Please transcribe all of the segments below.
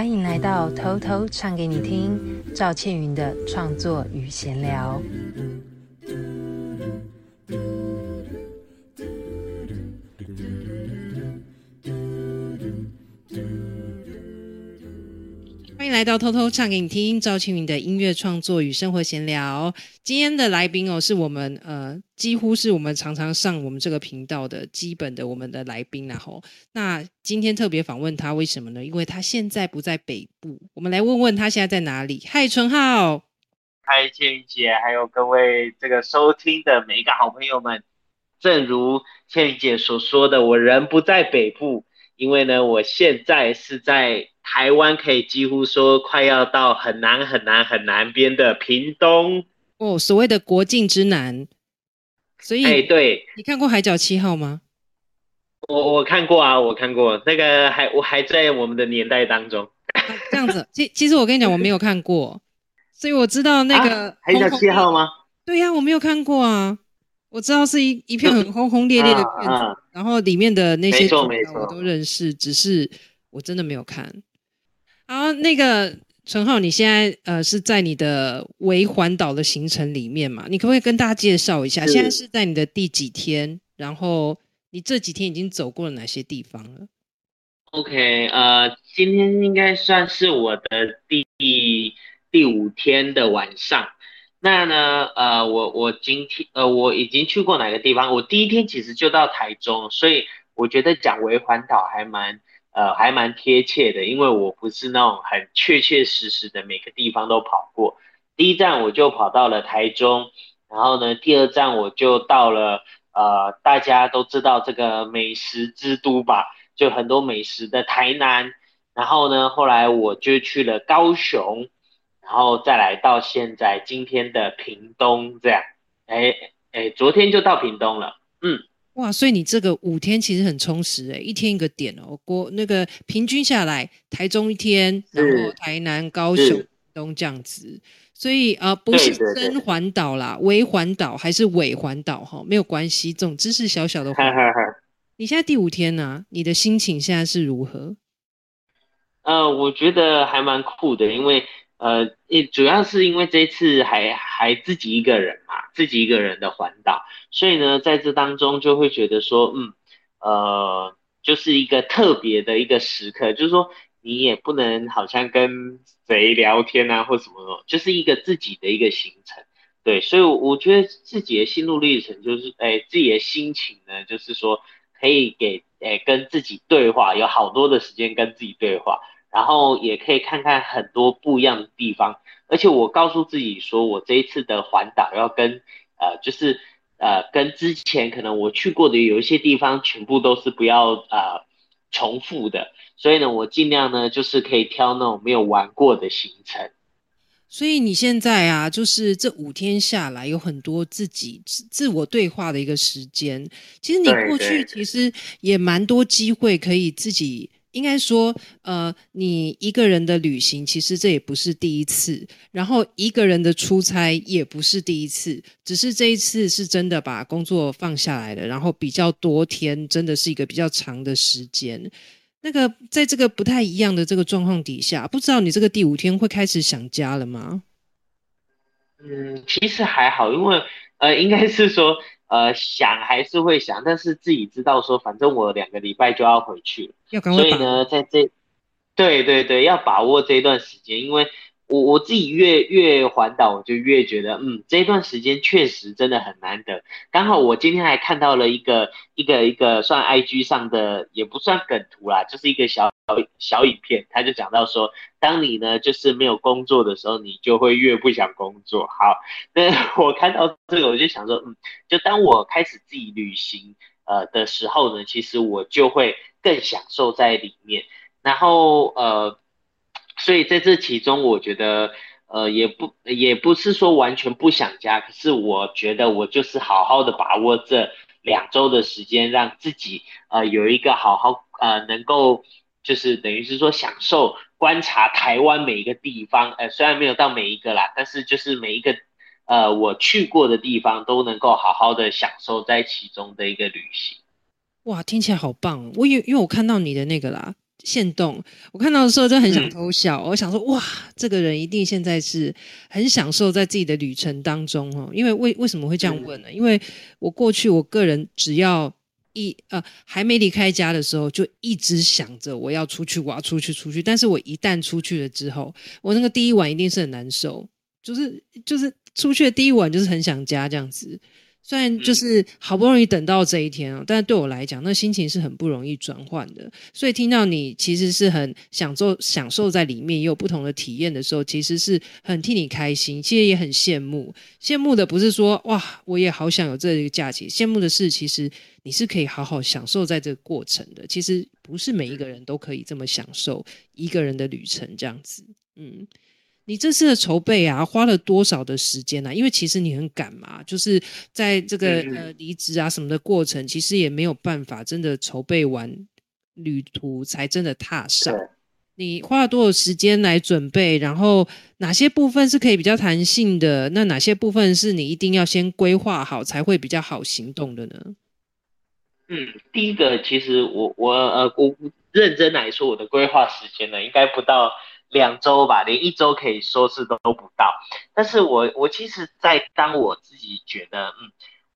歡迎來到偷偷唱給你聽，趙倩筠的創作與閒聊。來到偷偷唱給你聽，趙倩筠的音樂創作與生活閒聊。今天的來賓哦，是我們呃，幾乎是我們常常上我們這個頻道的基本的我們的來賓，然後，那今天特別訪問他，為什麼呢？因為他現在不在北部。我們來問問他現在在哪裡？嗨，純皓。嗨，倩筠姐，還有各位這個收聽的每一個好朋友們。正如倩筠姐所說的，我人不在北部，因為呢，我現在是在。台灣可以幾乎說快要到很南、很南、很南邊的屏東哦，所謂的國境之南。所以，欸、對，你看過《海角七號》嗎？我我看過啊，我看過那個還我還在我們的年代當中。啊、這樣子，其實其實我跟你講，我沒有看過， 所以我知道那個轟轟、啊《海角七號》嗎？對呀、啊，我沒有看過啊，我知道是一一片很轟轟烈烈的片子、 啊啊，然後裡面的那些我都認識，只是我真的沒有看。好，那個純皓，你現在呃是在你的微環島的行程裡面嘛，你可不可以跟大家介紹一下，現在是在你的第幾天？然後你這幾天已經走過了哪些地方了？OK，呃，今天應該算是我的第第五天的晚上。那呢，呃，我我今天呃我已經去過哪個地方，我第一天其實就到台中，所以我覺得講微環島還蠻。呃，還蠻貼切的，因為我不是那種很確確實實的每個地方都跑過。第一站我就跑到了台中，然後呢，第二站我就到了，呃，大家都知道這個美食之都吧，就很多美食的台南。然後呢，後來我就去了高雄，然後再來到現在今天的屏東這樣。哎、欸、哎、欸，昨天就到屏東了，嗯。哇，所以你這個五天其實很充實哎、欸，一天一個點哦，過那個平均下來，台中一天，然後台南、高雄東這樣子，所以啊、呃，不是真環島啦，對對對對，微環島還是偽環島哈、哦，沒有關係，總之是小小的環。好， 你現在第五天呢、啊？你的心情現在是如何？呃，我覺得還蠻酷的，因為。呃，也主要是因為這次還還自己一個人嘛，自己一個人的環島，所以呢，在這當中就會覺得說，嗯，呃，就是一個特別的一個時刻，就是說你也不能好像跟誰聊天啊或什麼什麼，就是一個自己的一個行程，對，所以我覺得自己的心路歷程就是，哎，自己的心情呢，就是說可以給，哎，跟自己對話，有好多的時間跟自己對話。然後也可以看看很多不一樣的地方，而且我告訴自己說，我這一次的環島要跟呃，就是呃，跟之前可能我去過的有一些地方全部都是不要啊、呃、重複的，所以呢，我盡量呢就是可以挑那種沒有玩過的行程。所以你現在啊，就是這五天下來有很多自己自我對話的一個時間。其實你過去其實也蠻多機會可以自己。應該說，呃，你一個人的旅行其實這也不是第一次，然後一個人的出差也不是第一次，只是這一次是真的把工作放下來了，然後比較多天，真的是一個比較長的時間。那個在這個不太一樣的這個狀況底下，不知道你這個第五天會開始想家了嗎？嗯，其實還好，因為呃，應該是說。呃，想還是會想，但是自己知道說，反正我兩個禮拜就要回去，所以呢，在這，對，對對對，要把握這一段時間，因為。我我自己越越環島，我就越覺得，嗯，這一段時間確實真的很難得。剛好我今天還看到了一個一個一個算 IG 上的，也不算梗圖啦，就是一個小小影片，他就講到說，當你呢就是沒有工作的時候，你就會越不想工作。好，那我看到這個，我就想說，嗯，就當我開始自己旅行，呃的時候呢，其實我就會更享受在裡面。然後，呃。所以在這其中，我覺得，呃，也不也不是說完全不想家，可是我覺得我就是好好的把握這兩周的時間，讓自己呃有一個好好呃能夠就是等於是說享受觀察台灣每一個地方，呃雖然沒有到每一個啦，但是就是每一個呃我去過的地方都能夠好好的享受在其中的一個旅行。哇，聽起來好棒！我有，因為我看到你的那個啦。現動，我看到的時候真的很想偷笑，嗯。我想說，哇，這個人一定現在是很享受在自己的旅程當中。因為為為什麼會這樣問呢，嗯？因為我過去我個人只要一呃還沒離開家的時候，就一直想着我要出去，我要出去，出去。但是我一旦出去了之後，我那個第一晚一定是很難受，就是就是出去的第一晚就是很想家這樣子。雖然就是好不容易等到這一天啊、哦，但對我來講，那心情是很不容易轉換的。所以聽到你其實是很享受享受在裡面，也有不同的體驗的時候，其實是很替你開心，其實也很羨慕。羨慕的不是說哇，我也好想有這個假期。羨慕的是，其實你是可以好好享受在這個過程的。其實不是每一個人都可以這麼享受一個人的旅程這樣子。嗯。你這次的籌備啊，花了多少的時間呢啊？因為其實你很趕嘛，就是在這個呃離職啊什麼的過程，其實也沒有辦法真的籌備完，旅途才真的踏上。你花了多少時間來準備？然後哪些部分是可以比較彈性的？那哪些部分是你一定要先規劃好才會比較好行動的呢？嗯，第一個其實我我呃我認真來說，我的規劃時間呢，應該不到。兩周吧，連一周可以說是都不到。但是我我其實，在當我自己覺得，嗯，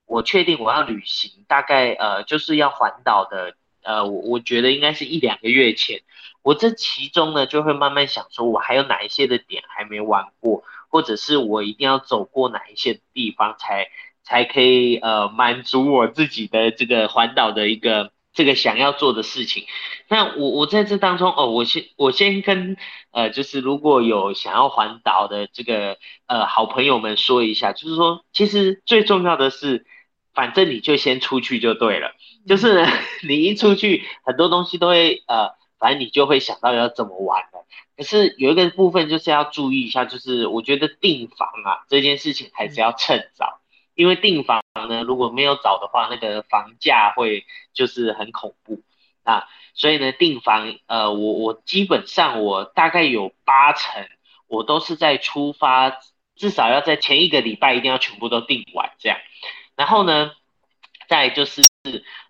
我確定我要旅行，大概呃就是要環島的，呃，我我覺得應該是一兩個月前。我這其中呢，就會慢慢想說，我還有哪一些的點還沒玩過，或者是我一定要走過哪一些地方才才可以呃滿足我自己的這個環島的一個。這個想要做的事情，那我我在這當中哦，我先我先跟呃，就是如果有想要環島的這個呃好朋友們說一下，就是說其實最重要的是，反正你就先出去就對了，就是、嗯、你一出去，很多東西都會呃，反正你就會想到要怎麼玩了。可是有一個部分就是要注意一下，就是我覺得訂房啊這件事情還是要趁早。嗯因為訂房呢，如果沒有找的話，那個房價會就是很恐怖啊，所以呢，訂房呃，我我基本上我大概有八成，我都是在出發，至少要在前一個禮拜一定要全部都訂完這樣，然後呢，再就是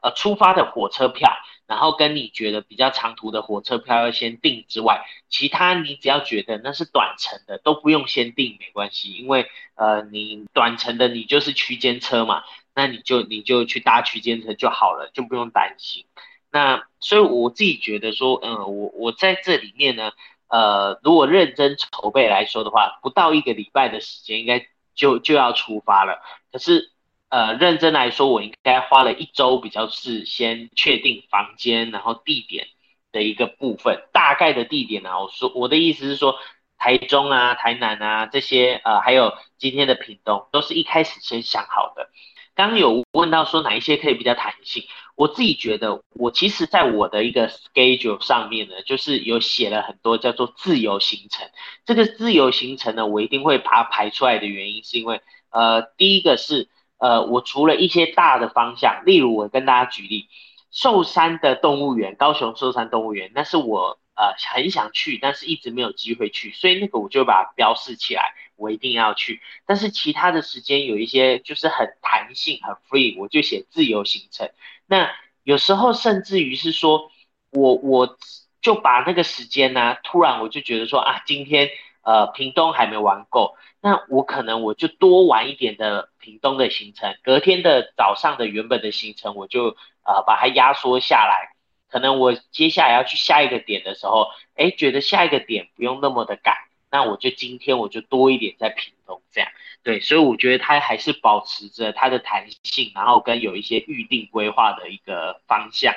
呃出發的火車票。然後跟你覺得比較長途的火車票要先訂之外，其他你只要覺得那是短程的都不用先訂，沒關係，因為呃你短程的你就是區間車嘛，那你就你就去搭區間車就好了，就不用擔心。那所以我自己覺得說，嗯，我我在這裡面呢，呃，如果認真籌備來說的話，不到一個禮拜的時間應該就就要出發了，可是。呃，認真來說，我應該花了一周，比較是先確定房間，然後地點的一個部分，大概的地點呢，啊，我說我的意思是說，台中啊、台南啊這些，呃，還有今天的屏東，都是一開始先想好的。剛有問到說哪一些可以比較彈性，我自己覺得，我其實在我的一個 schedule 上面呢，就是有寫了很多叫做自由行程。這個自由行程呢，我一定會把它排出來的原因，是因為，呃，第一個是。呃，我除了一些大的方向，例如我跟大家舉例，壽山的動物園，高雄壽山動物園，但是我呃很想去，但是一直沒有機會去，所以那個我就把它標示起來，我一定要去。但是其他的時間有一些就是很彈性、很 free，我就寫自由行程。那有時候甚至於是說，我我就把那個時間呢，啊，突然我就覺得說啊，今天。呃，屏東還沒玩夠，那我可能我就多玩一點的屏東的行程，隔天的早上的原本的行程，我就、呃、把它壓縮下來。可能我接下來要去下一個點的時候，哎、欸，覺得下一個點不用那麼的趕，那我就今天我就多一點在屏東這樣。對，所以我覺得它還是保持着它的彈性，然後跟有一些預定規劃的一個方向。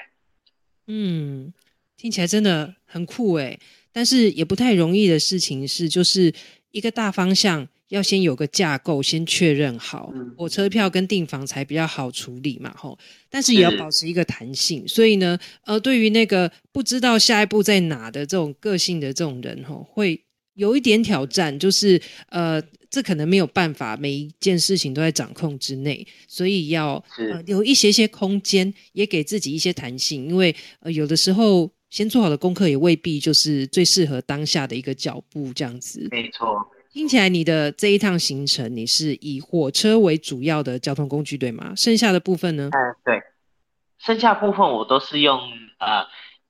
嗯，聽起來真的很酷哎、欸。但是也不太容易的事情是，就是一個大方向要先有個架構，先確認好、嗯、火車票跟訂房才比較好處理嘛。吼，但是也要保持一個彈性。所以呢，呃，對於那個不知道下一步在哪的這種個性的這種人，吼，會有一點挑戰。就是呃，這可能沒有辦法每一件事情都在掌控之內，所以要、呃、有一些些空間，也給自己一些彈性，因為呃，有的時候。先做好的功課也未必就是最適合當下的一個腳步這樣子。沒錯，聽起來你的這一趟行程你是以火車為主要的交通工具，對嗎？剩下的部分呢？嗯，對，剩下部分我都是用呃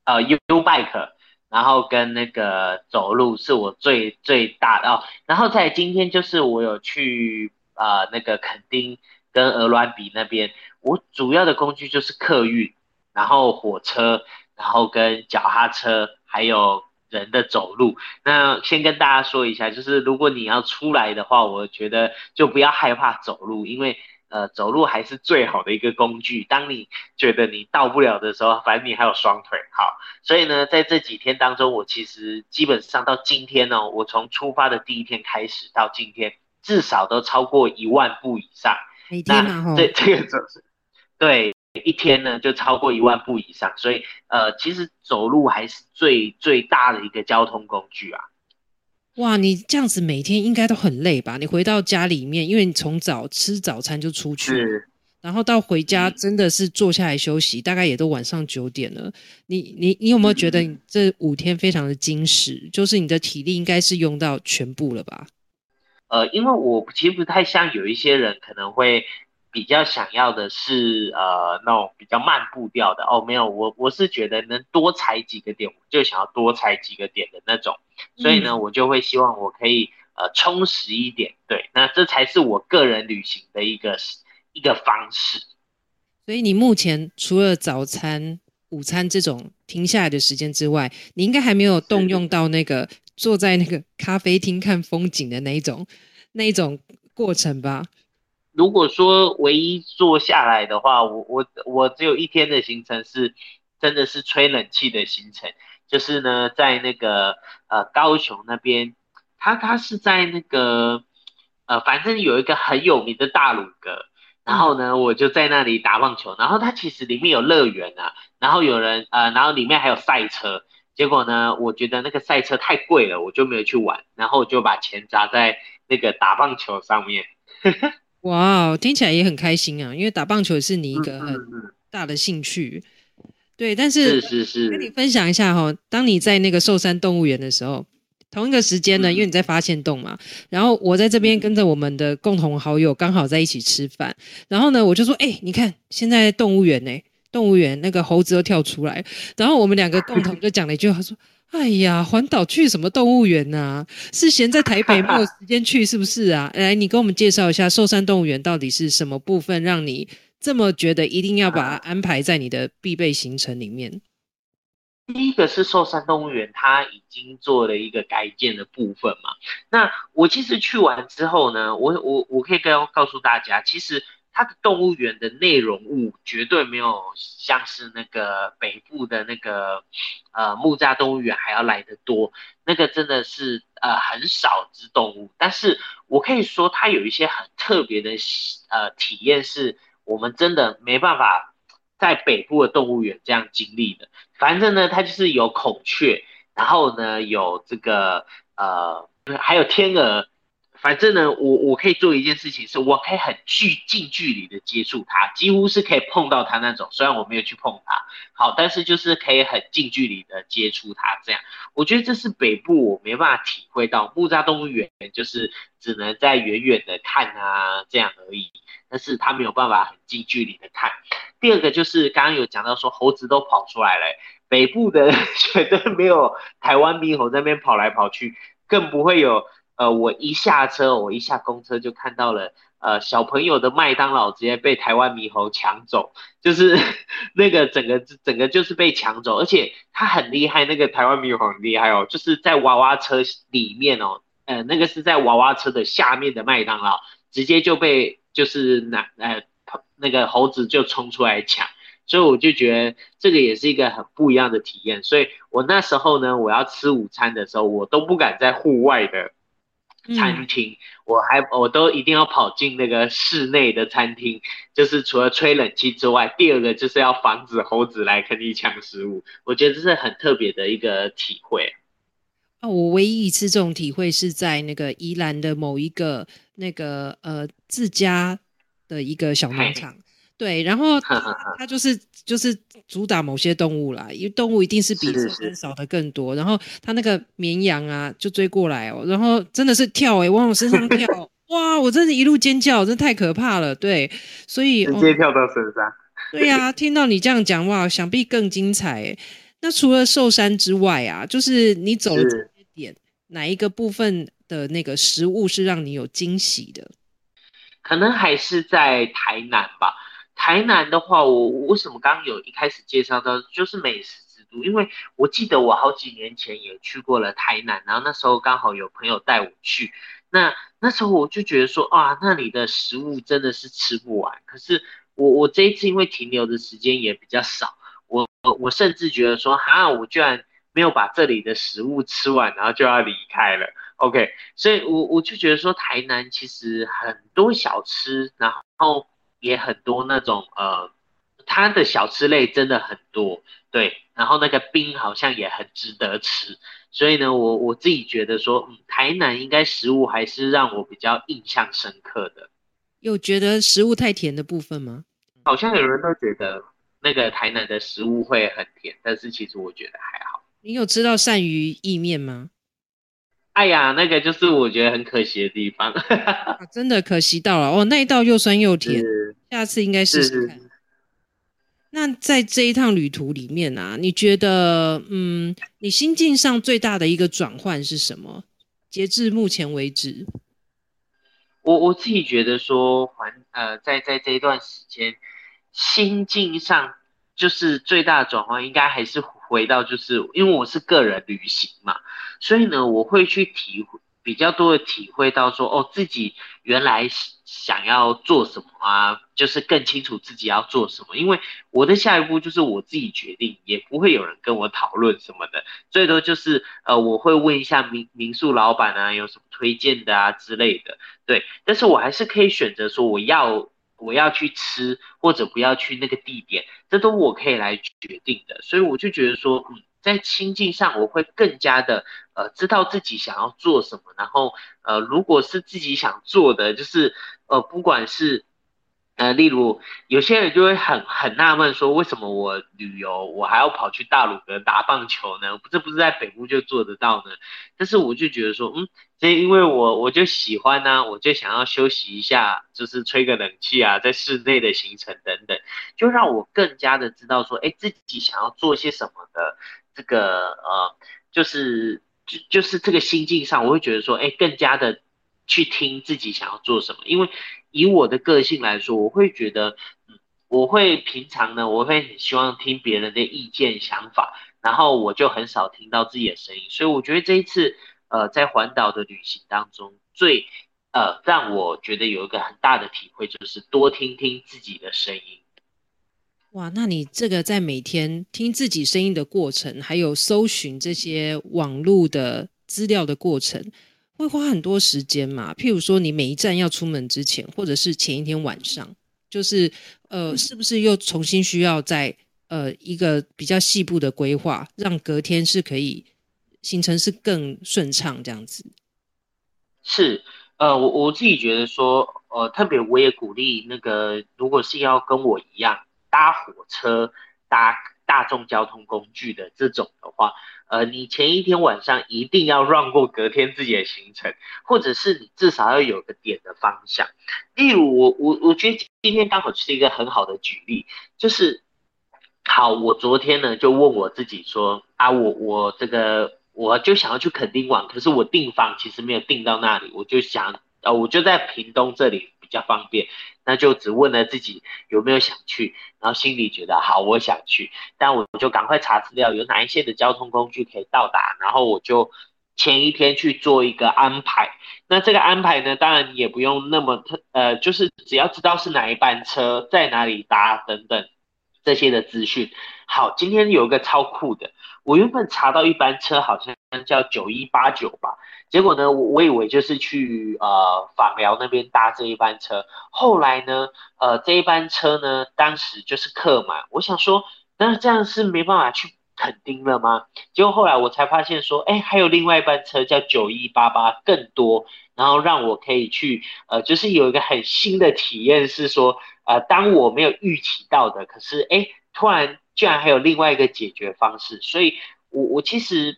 呃 U-Bike，然後跟那個走路是我最最大的哦。然後在今天就是我有去呃那個墾丁跟鵝鑾鼻那邊，我主要的工具就是客運，然後火車。然後跟腳踏車，還有人的走路。那先跟大家說一下，就是如果你要出來的話，我覺得就不要害怕走路，因為呃，走路還是最好的一個工具。當你覺得你到不了的時候，反正你還有雙腿。好，所以呢，在這幾天當中，我其實基本上到今天呢、哦，我從出發的第一天開始到今天，至少都超過一萬步以上。哎、那這、哦、對，這個就是，對。一天呢，就超過一萬步以上，所以呃，其實走路還是最最大的一個交通工具啊。哇，你這樣子每天應該都很累吧？你回到家裡面，因為你從早吃早餐就出去，是，然後到回家真的是坐下來休息，嗯、大概也都晚上九點了。你你你有沒有覺得這五天非常的精實？就是你的體力應該是用到全部了吧？呃，因為我其實不太像有一些人可能會。比較想要的是呃那種比較慢步調的哦，沒有我我是覺得能多踩幾個點，我就想要多踩幾個點的那種，嗯。所以呢，我就會希望我可以呃充實一點，對，那這才是我個人旅行的一個一個方式。所以你目前除了早餐、午餐這種停下來的時間之外，你應該還沒有動用到那個坐在那個咖啡廳看風景的那一種那一種過程吧？如果說唯一坐下來的話，我我我只有一天的行程是真的是吹冷氣的行程，就是呢在那個呃高雄那邊，他他是在那個呃反正有一個很有名的大魯閣，然後呢、嗯、我就在那裡打棒球，然後它其實裡面有樂園啊，然後有人呃然後裡面還有賽車，結果呢我覺得那個賽車太貴了，我就沒有去玩，然後就把錢砸在那個打棒球上面。呵呵哇、wow，聽起來也很開心啊！因為打棒球也是你一個很大的興趣，嗯嗯嗯對。但是，是，是，是跟你分享一下哈、喔，當你在那個壽山動物園的時候，同一個時間呢，因為你在發現動物、嗯，然後我在這邊跟着我們的共同好友剛好在一起吃飯，然後呢，我就說：“哎、欸，你看，現在動物園呢，動物園那個猴子都跳出來。”然後我們兩個共同就講了一句話說。啊說哎呀，環島去什麼動物園啊？是嫌在台北沒有時間去，是不是啊？ 來，你給我們介紹一下壽山動物園到底是什麼部分，讓你這麼覺得一定要把它安排在你的必備行程裡面？啊，第一個是壽山動物園，它已經做了一個改建的部分嘛。那我其實去完之後呢，我我我可以告訴大家，其實。它的動物園的內容物絕對沒有像是那個北部的那個呃木柵動物園還要來得多，那個真的是呃很少隻動物。但是我可以說，它有一些很特別的呃體驗，是我們真的沒辦法在北部的動物園這樣經歷的。反正呢，它就是有孔雀，然後呢有這個呃，還有天鵝。反正呢，我我可以做一件事情，是我可以很距近距離的接觸它，幾乎是可以碰到它那種，雖然我沒有去碰它，好，但是就是可以很近距離的接觸它，這樣我覺得這是北部我沒辦法體會到，木柵動物園就是只能在遠遠的看啊，這樣而已，但是它沒有辦法很近距離的看。第二個就是剛剛有講到說猴子都跑出來了、欸，北部的絕對沒有台灣獼猴在那邊跑來跑去，更不會有。呃，我一下車，我一下公車就看到了，呃，小朋友的麥當勞直接被台灣獼猴搶走，就是那個整個整個就是被搶走，而且他很厲害，那個台灣獼猴很厲害哦，就是在娃娃車裡面哦，呃，那個是在娃娃車的下面的麥當勞，直接就被就是那，呃那個猴子就衝出來搶，所以我就覺得這個也是一個很不一樣的體驗，所以我那時候呢，我要吃午餐的時候，我都不敢在戶外的。餐廳、嗯，我還我都一定要跑進那個室內的餐廳，就是除了吹冷氣之外，第二個就是要防止猴子來跟你搶食物。我覺得這是很特別的一個體會。啊，我唯一一次這種體會是在那個宜蘭的某一個那個呃自家的一個小農場。對，然後他，呵呵呵他就是就是主打某些動物啦，因為動物一定是比人少的更多是是是。然後他那個綿羊啊，就追過來，哦，然後真的是跳哎、欸，往我身上跳， 哇！我真是一路尖叫，真太可怕了。對，所以直接跳到身上。 哦、對呀、啊，聽到你這樣講哇，想必更精彩。那除了壽山之外啊，就是你走的點，哪一個部分的那個食物是讓你有驚喜的？可能還是在台南吧。台南的話，我為什麼剛有一開始介紹到就是美食之都？因為我記得我好幾年前也去過了台南，然後那時候剛好有朋友帶我去，那那時候我就覺得說啊，那裡的食物真的是吃不完。可是我我這一次因為停留的時間也比較少，我我我甚至覺得說啊，我居然沒有把這裡的食物吃完，然後就要離開了。OK，所以我，我我就覺得說，台南其實很多小吃，然後。也很多那種呃，他的小吃類真的很多，對，然後那個冰，好像也很值得吃，所以呢，我我自己覺得說，嗯，台南應該食物還是讓我比較印象深刻的。有覺得食物太甜的部分嗎？好像有人都覺得那個台南的食物會很甜，但是其實我覺得還好。你有知道鱔魚意麵嗎？哎呀，那個就是我覺得很可惜的地方， 啊、真的可惜到了哦。那一道又酸又甜，是。下次應該試試看。是。那在這一趟旅途裡面啊，你覺得嗯，你心境上最大的一個轉換是什麼？截至目前為止，我我自己覺得說，還呃，在在這一段時間，心境上就是最大的轉換，應該還是回到就是因為我是個人旅行嘛。所以呢，我會去體會，比較多的體會到說，哦，自己原來想要做什麼啊，就是更清楚自己要做什麼。因為我的下一步就是我自己決定，也不會有人跟我討論什麼的，最多就是呃，我會問一下民民宿老闆啊，有什麼推薦的啊之類的，對。但是我還是可以選擇說，我要我要去吃，或者不要去那個地點，這都我可以來決定的。所以我就覺得說，嗯。在親近上，我會更加的，呃，知道自己想要做什麼。然後，呃，如果是自己想做的，就是，呃，不管是，呃，例如有些人就會很很納悶說，為什麼我旅遊我還要跑去大魯閣打棒球呢？這不是在北部就做得到呢？但是我就覺得說，嗯，這因為我我就喜歡呢、啊，我就想要休息一下，就是吹個冷氣啊，在室內的行程等等，就讓我更加的知道說，哎，自己想要做些什麼的。這個呃，就是就就是這個心境上，我會覺得說，哎，更加的去聽自己想要做什麼。因為以我的個性來說，我會覺得，嗯，我會平常呢，我會很希望聽別人的意見想法，然後我就很少聽到自己的聲音。所以我覺得這一次，呃，在環島的旅行當中，最呃讓我覺得有一個很大的體會，就是多聽聽自己的聲音。哇，那你這個在每天聽自己聲音的過程，還有搜尋這些網路的資料的過程，會花很多時間嗎？譬如說，你每一站要出門之前，或者是前一天晚上，就是呃，是不是又重新需要再呃一個比較細部的規劃，讓隔天是可以行程是更順暢這樣子？是，呃，我我自己覺得說，呃，特別我也鼓勵那個，如果是要跟我一樣。搭火車、搭大眾交通工具的這種的話，呃，你前一天晚上一定要 run 過隔天自己的行程，或者是你至少要有個點的方向。例如我，我我我覺得今天剛好是一個很好的舉例，就是好，我昨天呢就問我自己說啊，我我這個我就想要去墾丁玩，可是我訂房其實沒有訂到那裡，我就想呃，我就在屏東這裡。比較方便，那就只問了自己有沒有想去，然後心裡覺得好，我想去，但我就趕快查資料，有哪一些的交通工具可以到達，然後我就前一天去做一個安排。那這個安排呢，當然也不用那麼特，呃，就是只要知道是哪一班車、在哪裡搭等等這些的資訊。好，今天有一個超酷的，我原本查到一班車好像，叫九一八九吧，結果呢，我，我以為就是去呃枋寮那邊搭這一班車，後來呢，呃這一班車呢，當時就是客滿，我想說，那這樣是沒辦法去墾丁了嗎？結果後來我才發現說，哎，還有另外一班車叫九一八八，更多，然後讓我可以去，呃，就是有一個很新的體驗是說，呃，當我沒有預期到的，可是哎，突然居然還有另外一個解決方式，所以我，我我其實。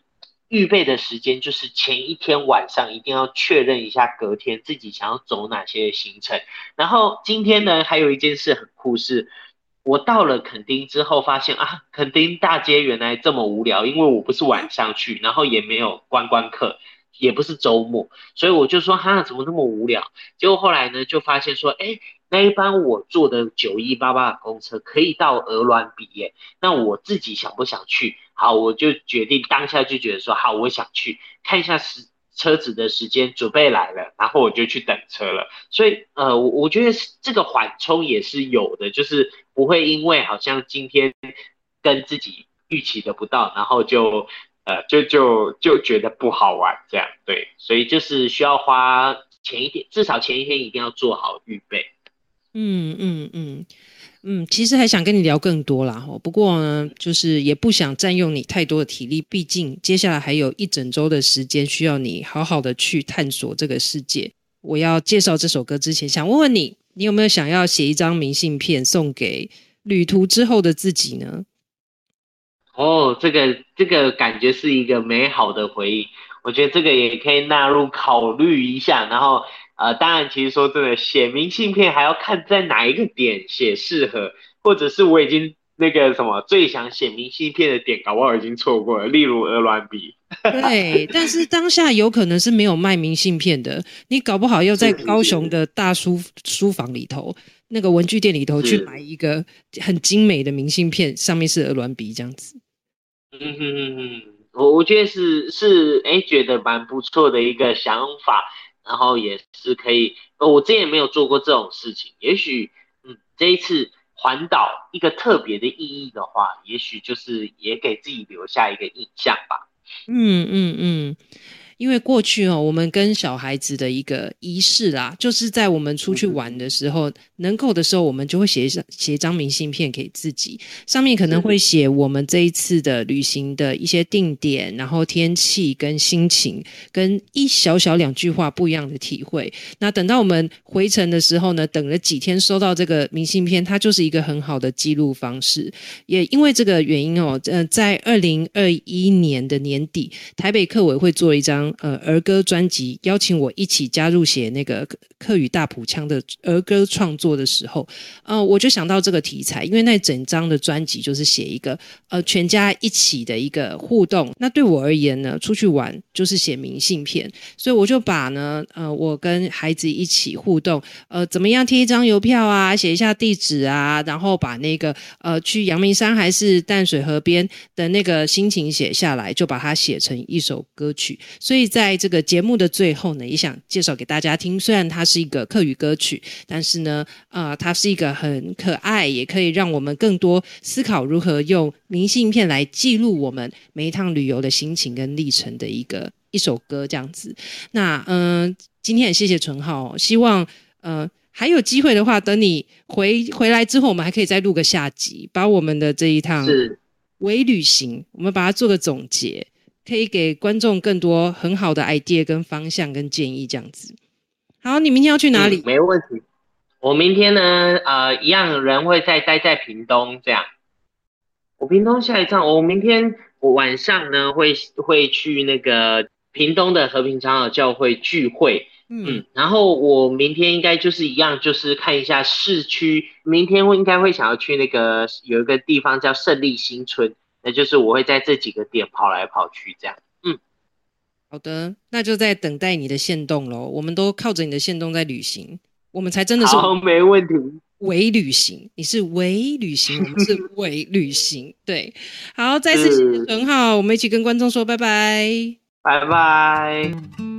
預備的時間就是前一天晚上，一定要確認一下隔天自己想要走哪些行程。然後今天呢，還有一件事很酷是，是我到了墾丁之後發現啊，墾丁大街原來這麼無聊，因為我不是晚上去，然後也沒有觀光客，也不是周末，所以我就說哈，怎麼那麼無聊？結果後來呢，就發現說，哎、欸，那一班我坐的九一八八的公車可以到鵝鑾鼻耶、欸，那我自己想不想去？好，我就決定當下就覺得說好，我想去看一下時車子的時間，準備來了，然後我就去等車了。所以，呃，我我覺得這個緩衝也是有的，就是不會因為好像今天跟自己預期的不到，然後就呃就就就覺得不好玩這樣對。所以就是需要花前一天，至少前一天一定要做好預備。嗯嗯嗯。嗯嗯，其實還想跟你聊更多啦，不過呢，就是也不想占用你太多的體力，畢竟接下來還有一整周的時間需要你好好的去探索這個世界。我要介紹這首歌之前，想問問你，你有沒有想要寫一張明信片送給旅途之後的自己呢？哦，這個這個感覺是一個美好的回憶，我覺得這個也可以納入考慮一下，然後。啊、呃，當然，其實說真的，寫明信片還要看在哪一個點寫適合，或者是我已經那個什麼最想寫明信片的點，搞不好我已經錯過了。例如鵝鑾鼻，對，但是當下有可能是沒有賣明信片的， 你搞不好要在高雄的大書是是是書房裡頭，那個文具店裡頭去買一個很精美的明信片，上面是鵝鑾鼻這樣子。嗯哼嗯，我我覺得是是，哎、欸，覺得蠻不錯的一個想法。然後也是可以，我之前也沒有做過這種事情，也許，嗯，這一次環島一個特別的意義的話，也許就是也給自己留下一個印象吧。嗯嗯嗯。嗯因為過去哦，我們跟小孩子的一個儀式啦，就是在我們出去玩的時候，能夠的時候，我們就會寫一張寫張明信片給自己，上面可能會寫我們這一次的旅行的一些定點，然後天氣跟心情，跟一小小兩句話不一樣的體會。那等到我們回程的時候呢，等了幾天收到這個明信片，它就是一個很好的記錄方式。也因為這個原因哦，嗯，在二零二一年的年底，台北客委會做一張。呃，兒歌專輯邀請我一起加入寫那個客客語大埔腔的兒歌創作的時候，呃，我就想到這個題材，因為那整張的專輯就是寫一個呃全家一起的一個互動。那對我而言呢，出去玩就是寫明信片，所以我就把呢呃我跟孩子一起互動，呃，怎麼樣貼一張郵票啊，寫一下地址啊，然後把那個呃去陽明山還是淡水河邊的那個心情寫下來，就把它寫成一首歌曲，所以。所以在這個節目的最後呢，也想介紹給大家聽。雖然它是一個客語歌曲，但是呢，啊、呃，它是一個很可愛，也可以讓我們更多思考如何用明信片來記錄我們每一趟旅遊的心情跟歷程的一個一首歌。這樣子，那嗯、呃，今天也謝謝純皓。哦，希望呃還有機會的話，等你回回來之後，我們還可以再錄個下集，把我們的這一趟微旅行，我們把它做個總結。可以給觀眾更多很好的 idea 跟方向跟建議這樣子。好，你明天要去哪裡？嗯，沒問題。我明天呢，呃，一樣人會再待，待在屏東這樣。我屏東下一站，我明天我晚上呢會會去那個屏東的和平長老教會聚會。嗯，嗯，然後我明天應該就是一樣，就是看一下市區。明天會應該會想要去那個有一個地方叫勝利新村。那就是我會在這幾個點跑來跑去，這樣。嗯，好的，那就在等待你的限動囉。我們都靠着你的限動在旅行，我們才真的是。好，沒問題。微旅行，你是微旅行， 你是微旅行，對。好，再次謝謝純皓，我們一起跟觀眾說拜拜，拜拜。Bye bye